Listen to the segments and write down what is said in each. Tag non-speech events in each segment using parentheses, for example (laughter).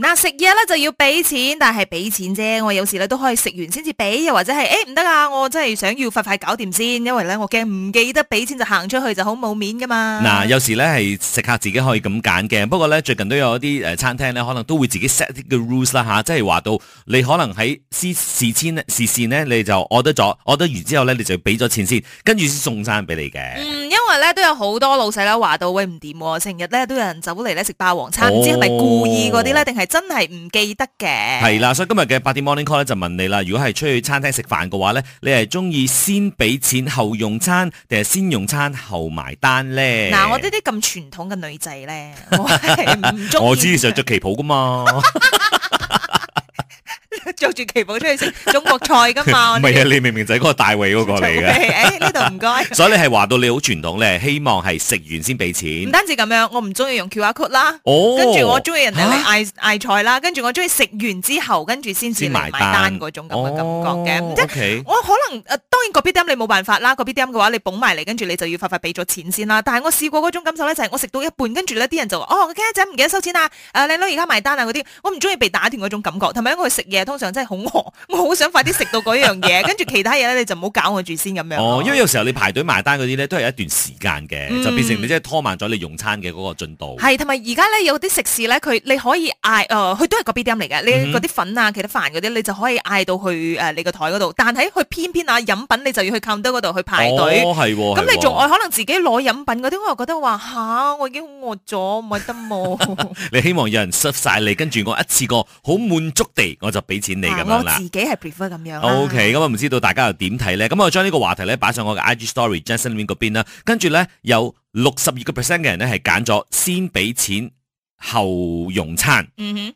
嗱，食嘢咧就要俾錢，但係俾錢啫。我有時咧都可以食完先至俾，又或者係誒唔得啊，我真係想要快快搞掂先，因為咧我驚唔記得俾錢就行出去就好冇面噶嘛。嗱、呃，有時咧係食客自己可以咁揀嘅，不過咧最近都有一啲誒餐廳咧可能都會自己 set 啲嘅 rules 啦、啊、吓，即係話到你可能喺試試簽咧試膳咧，你就我得咗，我得完之後咧你就俾咗錢先，跟住先送餐俾你嘅。嗯，因。因為咧都有好多老細咧話到喂，唔掂，成日咧都有人走嚟咧食霸王餐，唔、oh. 知係咪故意嗰啲咧，定係真係唔記得嘅？係啦，所以今日嘅八點 Morning Call 咧就問你啦，如果係出去餐廳食飯嘅話咧，你係中意先俾錢後用餐，定係先用餐後埋單咧？嗱，我呢啲咁傳統嘅女仔咧，我係唔中意。 (laughs) 我之前着旗袍噶嘛。 (laughs) 着住旗袍出去食中國菜噶嘛？唔係 (laughs) 啊，你明明就係嗰個大衛嗰個嚟嘅。誒、 (laughs) 哎，呢度唔該。所以你係話到你好傳統咧，希望係食完先俾錢。唔 (laughs) 單止咁樣，我唔中意用 QR code 啦，跟住、oh, 我中意人哋嗌嗌菜啦，跟住我中意食完之後跟住先至嚟埋單嗰種咁嘅感覺嘅。Oh, okay. 即係我可能誒、呃，當然個 b d 你冇辦法啦，個 b d 嘅話你捧埋嚟，跟住你就要快快俾咗錢先啦。但係我試過嗰種感受咧，就係、是、我食到一半，跟住咧啲人就話哦，我、okay, 家姐唔記得收錢啦，誒靚女而家埋單啊嗰啲，我唔中意被打斷嗰種感覺，同埋因為佢食嘢真係好餓，我好想快啲食到嗰樣嘢，跟住其他嘢咧你就唔好搞我住先咁樣。 (laughs) 哦，因為有時候你排隊埋單嗰啲咧都係一段時間嘅，嗯、就變成你即係拖慢咗你用餐嘅嗰個進度。係同埋而家咧有啲食肆咧，佢你可以嗌誒，佢、呃、都係個 b d 嚟嘅，你嗰啲粉啊、其他飯嗰啲，你就可以嗌到去誒你、呃、個台嗰度。但係佢偏偏啊飲品你就要去坑多嗰度去排隊。咁、哦、你仲愛可能自己攞飲品嗰啲，我又覺得話吓，我已經餓咗，冇得冇。 (laughs) 你希望有人 serve 晒你，跟住我一次過好滿足地，我就俾。啊，我自己係 prefer 咁樣。OK，咁我唔知道大家又點睇咧？咁、嗯嗯、我將呢個話題咧擺上我嘅 IG Story Justin Lin 嗰邊啦。跟住咧有六十二個 percent 嘅人咧係揀咗先俾錢。後用餐，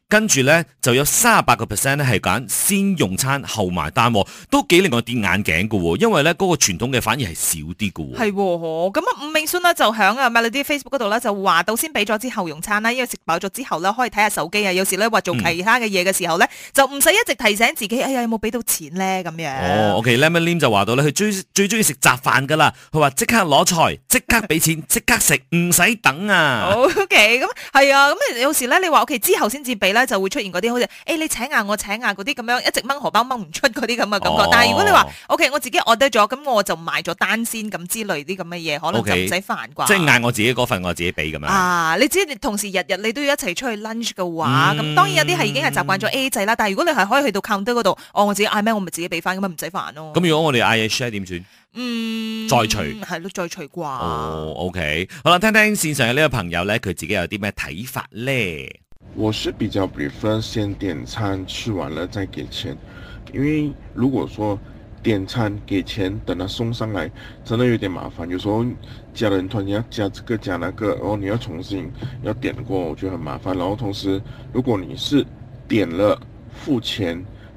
跟住咧就有三十八個 percent 咧係揀先用餐後埋單，都幾令我跌眼鏡噶，因為咧嗰、那個傳統嘅反而係少啲噶。係、哦，咁啊，吳明孫咧就響啊 Melody Facebook 嗰度咧就話到先俾咗之後用餐啦，因為食飽咗之後咧可以睇下手機啊，有時咧話做其他嘅嘢嘅時候咧就唔使一直提醒自己，哎呀有冇俾到錢咧咁樣。哦 o、okay, Lemon Lim 就話到咧，佢最最中意食雜飯噶啦，佢話即刻攞菜，即刻俾錢，即 (laughs) 刻食，唔使等啊。OK，咁係啊。咁誒有時咧，你話我哋之後先至俾咧，就會出現嗰啲好似誒、欸、你請啊，我請啊嗰啲咁樣一直掹荷包掹唔出嗰啲咁嘅感覺。哦、但係如果你話 O K，我自己 order 咗，咁我就買咗單先咁之類啲咁嘅嘢，可能就唔使煩啩。Okay，即係嗌我自己嗰份，我自己俾咁樣。啊，你知你同時日日你都要一齊出去 lunch 嘅話，咁、嗯、當然有啲係已經係習慣咗 A A 制啦。但係如果你係可以去到 counter 嗰度，哦，我自己嗌咩，我咪自己俾翻，咁咪唔使煩咯。咁、嗯、如果我哋嗌 share 點算？嗯，再除係咯，再除啩。哦，OK，好啦，聽聽線上嘅呢個朋友咧，佢自己有啲咩睇法咧？我是比較 prefer 先點餐，吃完了再給錢，因為如果說點餐給錢，等佢送上來，真係有點麻煩。有時候家人突然要加這個加那個，然後你要重新要點過，我覺得很麻煩。然後同時，如果你是點了付錢。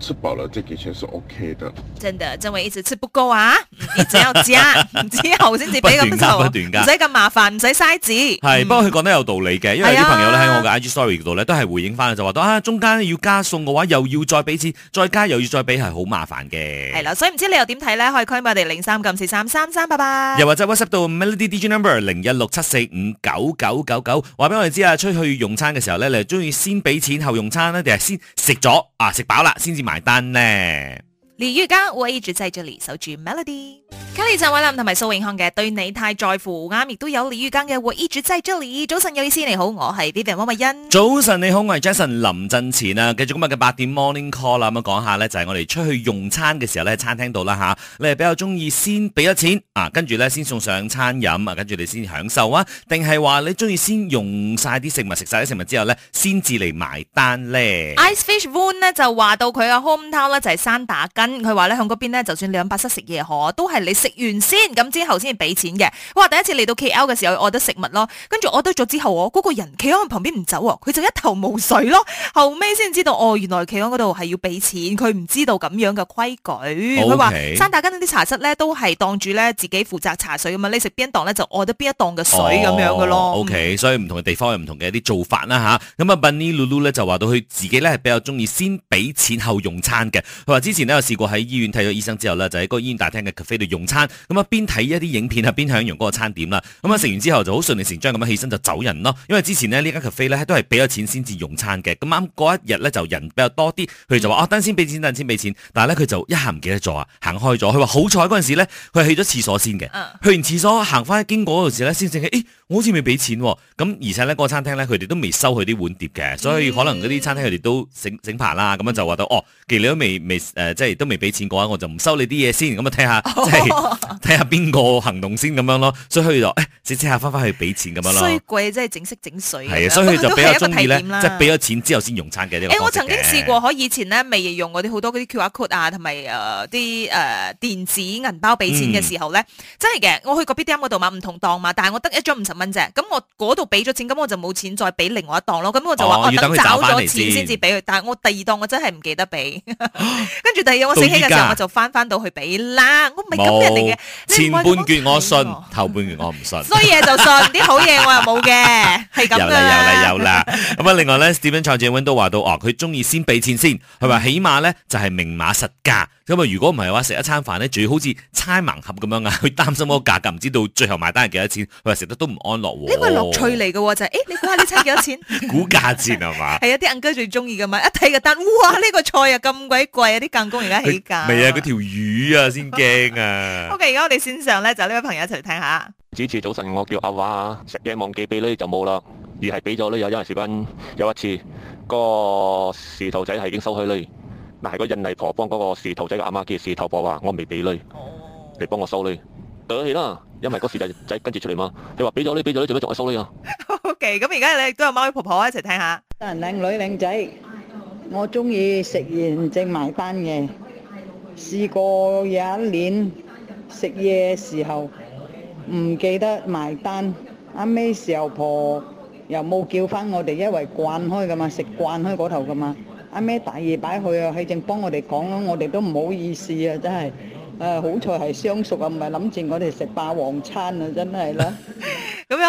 吃飽了，這幾錢是 OK 的。真的，真會一直吃不夠啊！一直要加，唔知後先至俾咁多，唔使咁麻煩，唔使嘥紙。係，不過佢講得有道理嘅，因為有啲朋友咧喺我嘅 IG story 度咧都係回應翻，就話到啊，中間要加送嘅話，又要再俾錢，再加又要再俾，係好麻煩嘅。係啦，所以唔知你又點睇咧？可以 call 我哋零三九四三三三八八，又或者 WhatsApp 到 Melody DJ number 零一六七四五九九九九，話俾我哋知啊！出去用餐嘅時候咧，你係中意先俾錢後用餐咧，定係先食咗啊食飽啦先至買？買單呢？李玉剛，我一直在這裏，鎖住 Melody。卡莉陳偉林同埋蘇永康嘅對你太在乎，啱亦都有李宇剛嘅活衣主真、就是、Juli 早晨有意思你好，我係 David 汪慧欣。早晨你好，我係 Jason 林振前啊，繼續今日嘅八點 morning call 啦，咁樣講下呢，就係我哋出去用餐嘅時候、啊啊、呢，喺餐廳度啦吓，你係比較中意先俾咗錢啊，跟住呢先送上餐飲啊，跟住你先享受啊，定係話你中意先用晒啲食物，食晒啲食物之後呢，先至嚟埋單呢 Icefish Wu 呢就話到佢嘅 home town 呢就係山打根，佢話呢，向嗰邊呢，就算兩百室食嘢，可都係。你食完先，咁之後先係俾錢嘅。佢話第一次嚟到 K L 嘅時候，愛得食物咯，跟住我得咗之後，我、那、嗰個人企喺我旁邊唔走喎，佢就一頭霧水咯。後尾先知道，哦，原來企喺嗰度係要俾錢，佢唔知道咁樣嘅規矩。佢話山打根啲茶室咧，都係當住咧自己負責茶水咁嘛，你食邊一檔咧，就愛得邊一檔嘅水咁樣嘅咯。O K，所以唔同嘅地方有唔同嘅一啲做法啦嚇。咁啊，Beni Lulu 咧就話到佢自己咧係比較中意先俾錢後用餐嘅。佢話之前呢，有試過喺醫院睇咗醫生之後咧，就喺嗰個醫院大廳嘅 cafe 度。用餐咁啊，邊睇一啲影片啊，邊享用嗰個餐點啦。咁啊，食完之後就好順理成章咁啊，起身就走人咯。因為之前呢，呢間 cafe 咧都係俾咗錢先至用餐嘅。咁啱嗰一日咧就人比較多啲，佢就話啊、嗯哦，等先俾錢，等先俾錢。但係咧佢就一下唔記得咗啊，行開咗。佢話好彩嗰陣時咧，佢係去咗廁所先嘅，嗯、去完廁所行翻經過嗰陣時咧，先醒起，誒、欸。好似未俾錢喎、哦，咁而且呢、那個餐廳咧佢哋都未收佢啲碗碟嘅，所以可能嗰啲餐廳佢哋都整整排啦，咁樣、嗯、就話到哦，既然都未未誒，即係都未俾錢嘅話，我就唔收你啲嘢先，咁啊睇下即係睇下邊個行動先咁樣咯。所以佢就誒、欸、試試下翻返去俾錢咁樣咯。所貴即係整色整水。係啊，所以就比較中意即係俾咗錢之後先用餐嘅呢、這個、欸。我曾經試過，我以前呢未用嗰啲好多嗰啲 QR Code 啊，同埋誒啲誒電子銀包俾錢嘅時候咧，嗯、真係嘅，我去個 b i 嗰度買唔同檔嘛，但係我得一張五十。蚊，咁我嗰度俾咗錢，咁我就冇錢再俾另外一檔咯。咁我就我、哦、等找咗錢先至俾佢。但係我第二檔我真係唔記得俾，跟住、哦、 (laughs) 第二我醒起嘅時候我就翻翻到去俾啦。我唔係咁人定嘅。前半段我信，後半月我唔信。衰嘢 (laughs) 就信，啲好嘢我又冇嘅，係咁 (laughs) 樣有。有啦有啦有啦。咁啊，另外咧，Stephen 蔡志文都話到，哦，佢中意先俾錢先，佢話起碼咧就係、是、明碼實價。因為如果唔係話食一餐飯咧，仲要好似猜盲盒咁樣啊，佢擔心嗰個價格，唔知道最後埋單係幾多錢，佢話食得都唔安樂。因為樂趣嚟嘅就係，誒，你估下呢餐幾多錢？估價錢係嘛？係啊，啲阿哥最中意嘅嘛，一睇個單，哇，呢個菜啊咁鬼貴啊！啲更工而家起價。未啊，嗰條魚啊先驚啊。OK，而家我哋線上咧就呢位朋友一齊聽下。主持早晨，我叫阿華啊，食嘢忘記俾你就冇啦，而係俾咗呢，有因為時間有一次個仕途仔係已經收咗你。但係個印尼婆幫嗰個蛇頭仔嘅阿媽叫蛇頭婆話：我未俾你嚟幫我收你，對得起啦！因為個蛇仔仔跟住出嚟嘛，你話俾咗你俾咗你，做咩仲係收你啊？O K，咁而家你亦都有貓姨婆婆一齊聽下。人靚女靚仔，我中意食完正埋單嘅。試過有一年食嘢時候唔記得埋單，啱尾蛇頭婆又冇叫翻我哋，因為慣開噶嘛，食慣開嗰頭噶嘛。阿咩大夜擺去啊，佢正幫我哋講啊。我哋都唔好意思啊，真係，誒好彩係相熟啊，唔係諗住我哋食霸王餐啊，真係啦。 (laughs)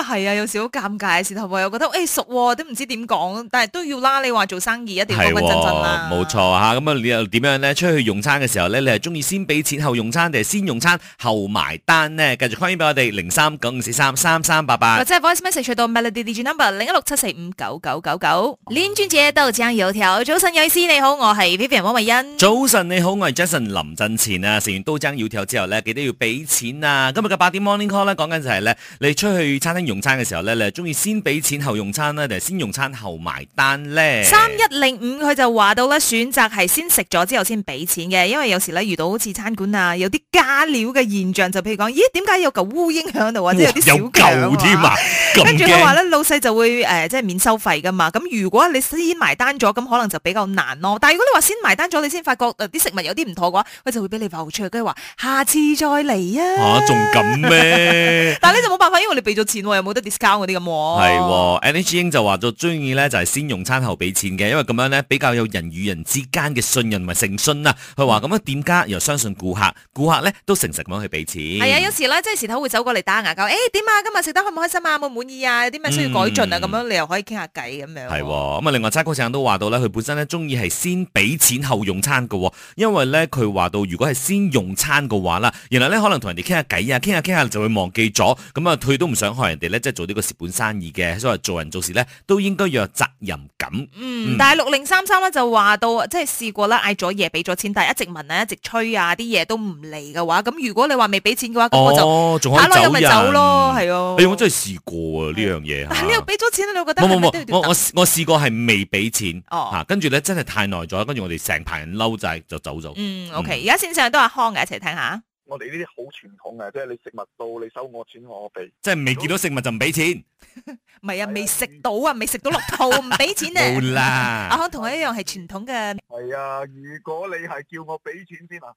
係啊，有時好尷尬，嘅時頭我又覺得誒熟，都唔知點講，但係都要拉你話做生意，一定要穩穩陣陣啦，冇錯嚇。咁啊，你又點樣咧？出去用餐嘅時候咧，你係中意先俾錢後用餐，定係先用餐後埋單呢？繼續 call 翻俾我哋零三九五四三三三八八，或者 voice message 到 my lady number 零一六七四五九九九九。連珠姐豆漿油條。早晨有線你好，我係 Vivian 汪慧欣。早晨你好，我係 Jason 林振前啊。食完豆漿油條。之後咧，記得要俾錢啊。今日嘅八點 morning call 咧，講緊就係咧，你出去餐廳。用餐嘅時候咧，你中意先俾錢後用餐咧，定係先用餐後埋單咧？三一零五佢就話到咧，選擇係先食咗之後先俾錢嘅，因為有時咧遇到好似餐館啊有啲加料嘅現象，就譬如講，咦，點解有嚿烏蠅響度或者有啲小強？有嚿添啊！跟住佢話咧，老細就會誒，即、呃、係、就是、免收費噶嘛。咁如果你先埋單咗，咁可能就比較難咯。但係如果你話先埋單咗，你先發覺啲食物有啲唔妥嘅話，佢就會俾你浮出去，跟住話下次再嚟啊！吓、啊，仲咁咩？ (laughs) 但係你就冇辦法，因為你哋俾咗錢喎。冇得 discount 嗰啲咁喎，係喎。n i c 英就話做中意咧，就係、是、先用餐後俾錢嘅，因為咁樣咧比較有人與人之間嘅信任同埋誠信啊。佢話咁樣店家又相信顧客，顧客咧都誠實咁樣去俾錢。係啊，有時咧即係時頭會走過嚟打牙鉸，誒、哎、點啊，今日食得開唔開心啊，滿唔滿意啊？有啲咩需要改進啊？咁、嗯、樣你又可以傾下偈咁樣。係喎，咁啊，另外差館成日都話到咧，佢本身咧中意係先俾錢後用餐嘅、哦，因為咧佢話到如果係先用餐嘅話啦，原來咧可能同人哋傾下偈啊，傾下傾下就會忘記咗，咁啊佢都唔想害人。哋咧即係做呢個蝕本生意嘅，所以做人做事咧都應該要有責任感。嗯，但係六零三三咧就話到即係試過啦，嗌咗嘢俾咗錢，但係一直問啊，一直催啊，啲嘢都唔嚟嘅話，咁如果你話未俾錢嘅話，咁我就睇耐咗咪走咯，係哦、啊哎。我真係試過啊呢樣嘢。嗯、但係你又俾咗錢啊？你覺得是是、哦？冇冇冇，我我我試過係未俾錢。跟住咧真係太耐咗，跟住我哋成排人嬲滯就走咗。OK 而家先上都係阿康嘅，一齊聽一下。我哋呢啲好傳統嘅，即係你食物到你收我錢我俾，即係未見到食物就唔俾錢。唔係啊，未食到啊，未食到落肚唔俾錢咧。冇啦，阿康同我一樣係傳統嘅。係啊，如果你係叫我俾錢先啊，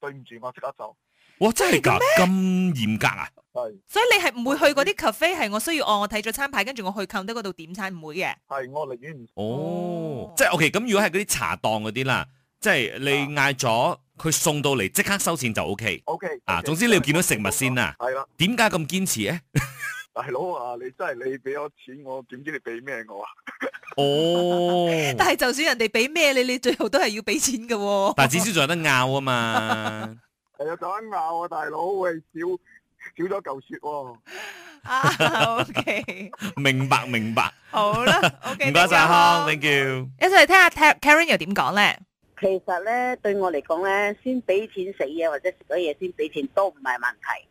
對唔住，我即刻走。哇，真係㗎，咁嚴格啊？係。所以你係唔會去嗰啲 cafe，係我需要哦，我睇咗餐牌，跟住我去扣得嗰度點餐，唔會嘅。係，我寧願唔。哦，即係 OK。咁如果係嗰啲茶檔嗰啲啦，即係你嗌咗。佢送到嚟即刻收錢就 O K，O K 啊，總之你要見到食物先啊。係啦，點解咁堅持咧？大佬啊，你真係你俾咗錢我，點知你俾咩我啊？哦，但係就算人哋俾咩你，你最後都係要俾錢噶。但係至少仲有得拗啊嘛。係啊，講拗啊，大佬喂，少少咗嚿雪喎。啊，O K，明白明白。好啦，O K，唔該晒，thank you。一齊嚟聽下 Karen 又點講咧？其實咧，對我嚟講咧，先俾錢食嘢或者食咗嘢先俾錢都唔係問題。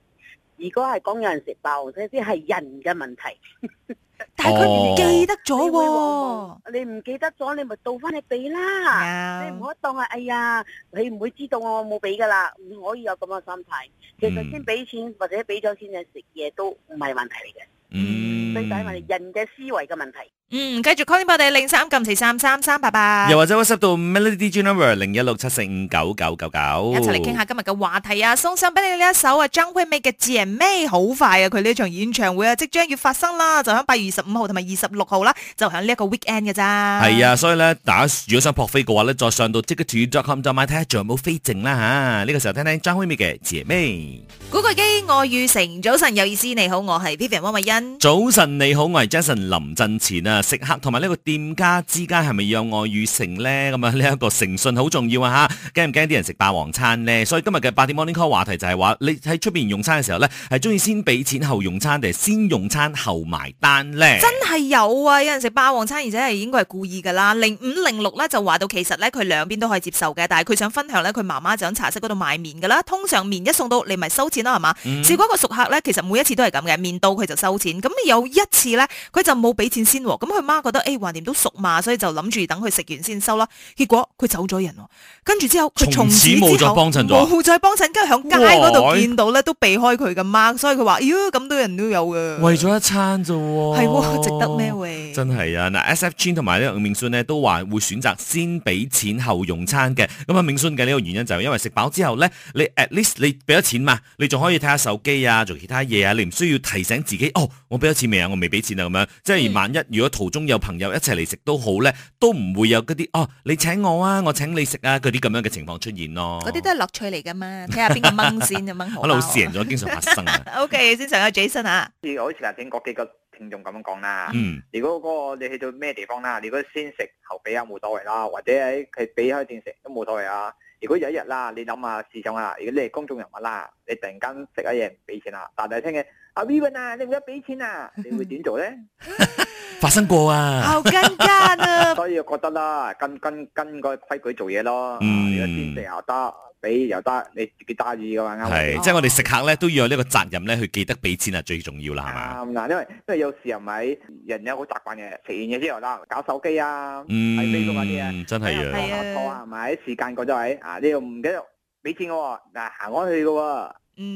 如果係講有人食爆，即係啲係人嘅問題。 (laughs) 哦、 (laughs) 但係佢唔記得咗、哦，你唔記得咗，你咪倒翻去俾啦。Yeah. 你唔好當係，哎呀，你唔會知道我冇俾噶啦。唔可以有咁嘅心態。其實先俾錢、嗯、或者俾咗錢就食嘢都唔係問題嚟嘅。嗯。就係因為人嘅思維嘅問題。嗯，繼續 calling 我哋零三九四三三三，八八。又或者 WhatsApp 到 Melody DJ Number 零一六七四五九九九九，一齊嚟傾下今日嘅話題啊！送上俾你呢一首啊，張惠妹嘅《姊妹》，好快啊！佢呢場演唱會啊，即將要發生啦，就響八月二十五號同埋二十六號啦，就響呢一個 Weekend 嘅咋？係啊，所以咧，大家如果想撲飛嘅話咧，再上到 Ticket2u.com 就買睇下仲有冇飛剩啦吓。呢、這個時候聽聽張惠妹嘅《姊妹》古。古巨基愛與誠，早晨有意思，你好，我係 Vivian 温慧欣。早晨你好，我係 Jason 林振前啊。食客同埋呢個店家之間，係咪有愛與誠呢？咁啊，呢一個誠信好重要啊！吓驚唔驚啲人食霸王餐呢？所以今日嘅八點 Morning Call 話題就係話，你喺出邊用餐嘅時候呢，係中意先俾錢後用餐，定係先用餐後埋單呢？真係有啊！有人食霸王餐，而且係應該係故意噶啦。零五零六咧就話到，其實呢，佢兩邊都可以接受嘅，但係佢想分享呢，佢媽媽就喺茶室嗰度賣麵噶啦。通常麵一送到，你咪收錢啦，係嘛？嗯。試過一個熟客呢，其實每一次都係咁嘅，麵到佢就收錢。咁有一次呢，佢就冇俾錢先。咁佢媽覺得，誒，橫掂都熟嘛，所以就諗住等佢食完先收啦。結果佢走咗人了，跟住之後佢從此冇再幫襯咗，冇再幫襯。跟住響街嗰度見到咧，哇 都避開佢嘅媽。所以佢話：喲，咁多人都有嘅。為咗一餐啫，係喎，值得咩？喂，真係啊！嗱，SFC 同埋呢個明信呢，都話會選擇先俾錢後用餐嘅。咁啊，明信嘅呢個原因就係因為食飽之後呢，你 at least 你俾咗錢嘛，你仲可以睇下手機啊，做其他嘢啊，你唔需要提醒自己哦，我俾咗錢未啊？我未俾錢啊？咁樣，即係萬一如果。 (music) 途中有朋友一齊嚟食都好咧，都唔會有嗰啲哦，你請我啊，我請你食啊，嗰啲咁樣嘅情況出現咯。嗰啲都係樂趣嚟噶嘛，睇下邊個掹先咁掹好，好，好 (laughs) 我老。老能好自咗，經常發生啊。OK，先上阿 Jason 啊。好似頭先嗰幾個聽眾咁樣講啦。嗯。如果嗰個你去到咩地方啦，你如果先食後俾啊，冇所謂啦。或者係佢俾開先食都冇所謂啊。如果有一日啦，你諗下市場啊，如果你係公眾人物啦，你突然間食啊嘢唔俾錢啦，大家聽嘅阿 Vivian 啊，你而家俾錢啊，你會點做咧？ (laughs) (laughs) 發生過啊，好尷尬啊！所以我覺得啦，跟跟跟個規矩做嘢咯，嗯，俾錢食又得，俾又得，你自己得意嘅嘛，啱係，即係我哋食客咧都要有呢個責任咧，去記得俾錢啊，最重要啦，係嘛？啱啦，因為因為有時又唔係人有好習慣嘅，食完嘢之後啦，搞手機啊，睇 Facebook 啲啊，真係啊，冇錯啊，係咪？啲時間過咗位啊，你又唔記得俾錢我，嗱行安去嘅喎，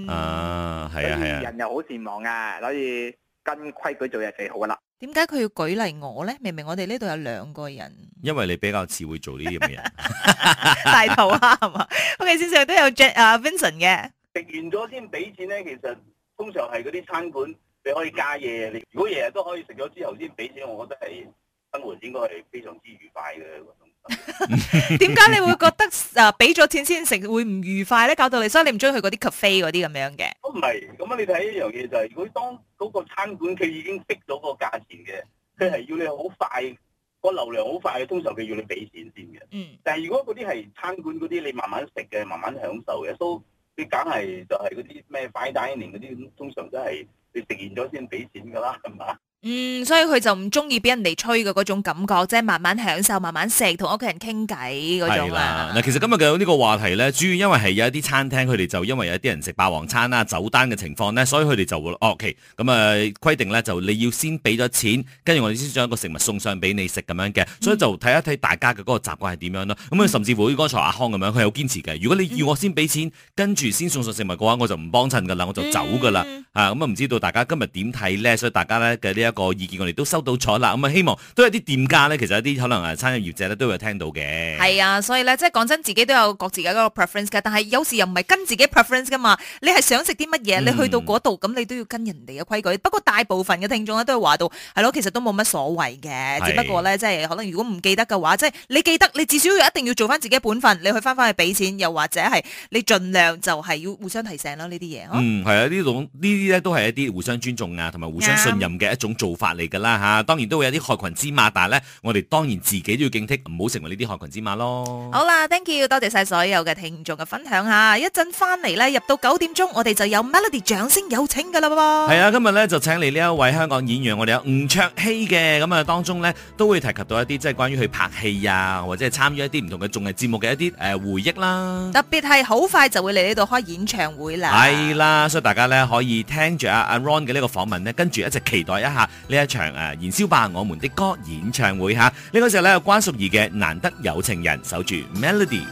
啊係啊係啊，人又好健忘啊，所以跟規矩做嘢最好啦。點解佢要舉例我咧？明明我哋呢度有兩個人。因為你比較似會做呢啲咁嘅人，大頭蝦係嘛？O.K. 先生都有 Jack 啊、uh, Vincent 嘅。食完咗先俾錢咧，其實通常係嗰啲餐館你可以加嘢。你如果日日都可以食咗之後先俾錢，我覺得係生活應該係非常之愉快嘅。點解 (laughs) (laughs) 你會覺得啊俾咗錢先食會唔愉快咧？搞到你所以你唔中意去嗰啲 cafe 嗰啲咁樣嘅。唔係，咁啊你睇一樣嘢就係，是，如果當嗰個餐館佢已經逼咗個價錢嘅，佢係要你好快，個流量好快嘅，通常佢要你俾錢先嘅。嗯。但係如果嗰啲係餐館嗰啲，你慢慢食嘅，慢慢享受嘅，都你梗係就係嗰啲咩快餐連嗰啲，通常都係你食完咗先俾錢㗎啦，係嘛？嗯，所以佢就唔中意俾人哋吹嘅嗰種感覺，即係慢慢享受、慢慢食、同屋企人傾偈嗰種啊。嗱在，的其實今日嘅呢個話題咧，主要因為係有一啲餐廳佢哋就因為有啲人食霸王餐啦、嗯、走單嘅情況咧，所以佢哋就會，OK，咁啊規定咧就是、你要先俾咗錢，跟住我哋先將個食物送上俾你食咁樣嘅。所以就睇一睇大家嘅嗰個習慣係點樣咯。咁啊，甚至乎好剛才阿康咁樣，佢有堅持嘅。如果你要我先俾錢，跟住先送上食物嘅話，我就唔幫襯噶啦，我就走噶啦。咁啊，唔知道大家今日點睇咧？所以大家咧嘅呢一個意見我哋都收到晒啦，咁啊希望都有啲店家咧，其實有啲可能係餐飲業者咧都會聽到嘅。係啊，所以咧即係講真，自己都有各自嘅嗰個 preference 噶，但係有時又唔係跟自己 preference 噶嘛。你係想食啲乜嘢，你去到嗰度咁，你都要跟人哋嘅規矩。不過大部分嘅聽眾咧都係話到係咯，其實都冇乜所謂嘅，只不過咧即係可能如果唔記得嘅話，即係你記得你至少又一定要做翻自己本分，你去翻翻去俾錢，又或者係你盡量就係要互相提醒咯呢啲嘢。嗯，係啊，呢種呢啲咧都係一啲互相尊重啊，同埋互相信任嘅一種。做法嚟㗎啦吓，當然都會有啲害群之馬，但係呢，我哋當然自己都要警惕，唔好成為呢啲害群之馬咯。好啦，thank you，多謝晒所有嘅聽眾嘅分享嚇。一陣翻嚟呢，入到九點鐘，我哋就有 Melody 掌聲有請㗎啦喎。係啊，今日呢就請嚟呢一位香港演員，我哋有吳卓羲嘅咁啊，當中呢，都會提及到一啲即係關於去拍戲啊，或者係參與一啲唔同嘅綜藝節目嘅一啲誒、呃、回憶啦。特別係好快就會嚟呢度開演唱會啦。係啦、啊，所以大家呢可以聽住阿阿 Ron 嘅呢個訪問呢，跟住一直期待一下。呢一場誒、啊、燃燒吧我們的歌演唱會吓，呢、這個時候咧，關淑怡嘅難得有情人，守住 melody。